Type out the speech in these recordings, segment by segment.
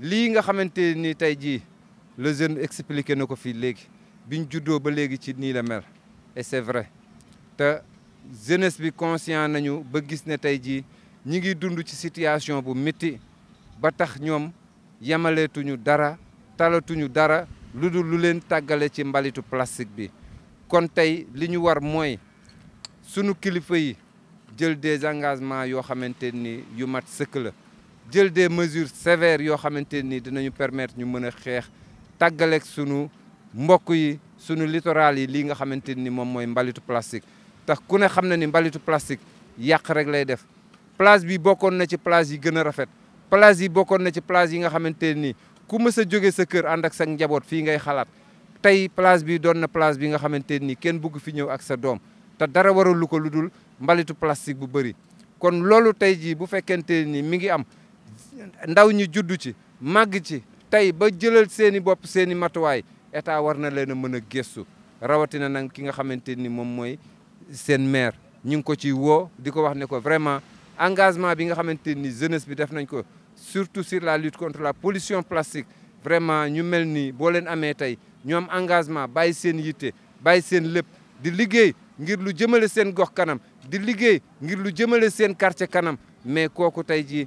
lii nga xamante ni tey jii le jeune expliqué na ko fii léegi biñ juddoo ba léegi ci nii la et c'est vrai te jeunesse bi conscient nañu ba gis ne tey jii ñi ngi dund ci situation bu métti ba tax ñoom yemaleetuñu dara talatuñu dara lu dul lu leen tàggale ci mbalitu plastique bi kon tey li ñu war mooy sunu kilifa yi jël des engagements yoo xamante ni yu mat sëkk la jël des mesures sévères yoo xamante ni dinañu permettre ñu mën a xeex tàggaleeg sunu mbokk yi sunu littoral yi lii nga xamante ni moom mooy mbalitu plastique. tax ku ne xam na ni mbalitu plastique yàq rek lay def plage bii bokkoon na ci plage yi gën a rafet plage yi bokkoon na ci plage yi nga xamante ni ku mës a jóge sa kër ànd ak sa njaboot fii ngay xalaat tey plage bii doon na plage bi nga xamante nii kenn bugg fi ñëw ak sa doom te dara waralu ko lu dul mbalitu plastique bu bëri kon loolu tey jii bu fekkente ni mi ngi am. ndaw ñi juddu ci màgg ci tey ba jëlal seen i bopp seen i matuwaay état war na leen a mën a gëstu rawatina nag ki nga xamante ni moom mooy seen maire ñu ngi ko ci woo di ko wax ne ko vraiment engagement bi nga xamante ni jeunesse bi def nañ ko surtout sur la lutte contre la polition plastique vraiment ñu mel ni boo leen amee tey ñoom engagement bàyyi seen yitte bàyyi seen lépp di liggéey ngir lu jëmale seen gox kanam di liggéey ngir lu jëmale seen quartier kanam mais kooku tey jii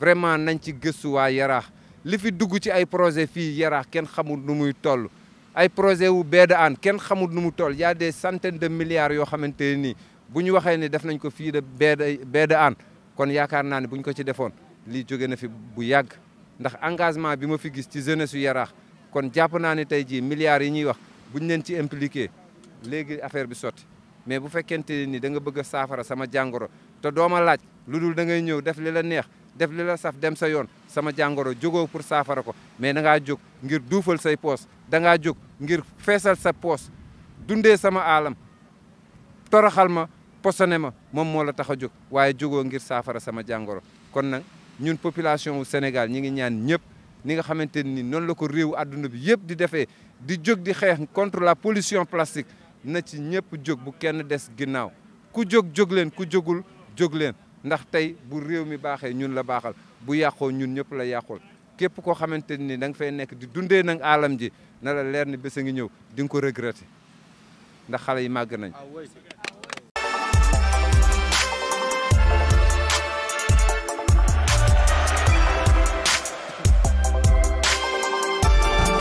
vraiment nañ ci gëstu waa yaraax li fi dugg ci ay projet fii yaraax kenn xamul nu muy toll ay projet wu beeda aan kenn xamul nu mu toll y a des centaines de yoo xamante ne nii bu ñu waxee ne def nañ ko fii de beeda beeda aan kon yaakaar naa ne bu ñu ko ci defoon li jóge na fi bu yàgg ndax engagement bi ma fi gis ci jeunesse su yaraax kon jàpp naa ne tey jii milliards yi ñuy wax bu ñu leen ci impliqué léegi affaire bi sotti mais bu fekkente ni da nga bëgg a saafara sama jàngoro te dooma laaj lu dul da ñëw def li la neex def li la saf dem sa yoon sama jàngoro jógoo pour saafara ko mais da ngaa jóg ngir duufal say poos da ngaa jóg ngir feesal sa poos dundee sama aalam toroxal ma posone ma moom moo la tax a jóg waaye jógoo ngir saafara sama jàngoro kon nag ñun population wu Sénégal ñi ngi ñaan ñëpp ni nga xamante ni noonu la ko réew adduna bi yëpp di defee di jóg di xeex contre la pollution plastique na ci ñëpp jóg bu kenn des ginnaaw ku jóg jóg leen ku jógul jóg leen ndax tey bu réew mi baaxee ñun la baaxal bu yàqoo ñun ñëpp la yàqul képp koo xamante ni da fay nekk di dundee nag alam ji na la leer ni bés a ngi ñëw di nga ko regretter ndax xale yi màgg nañ ah,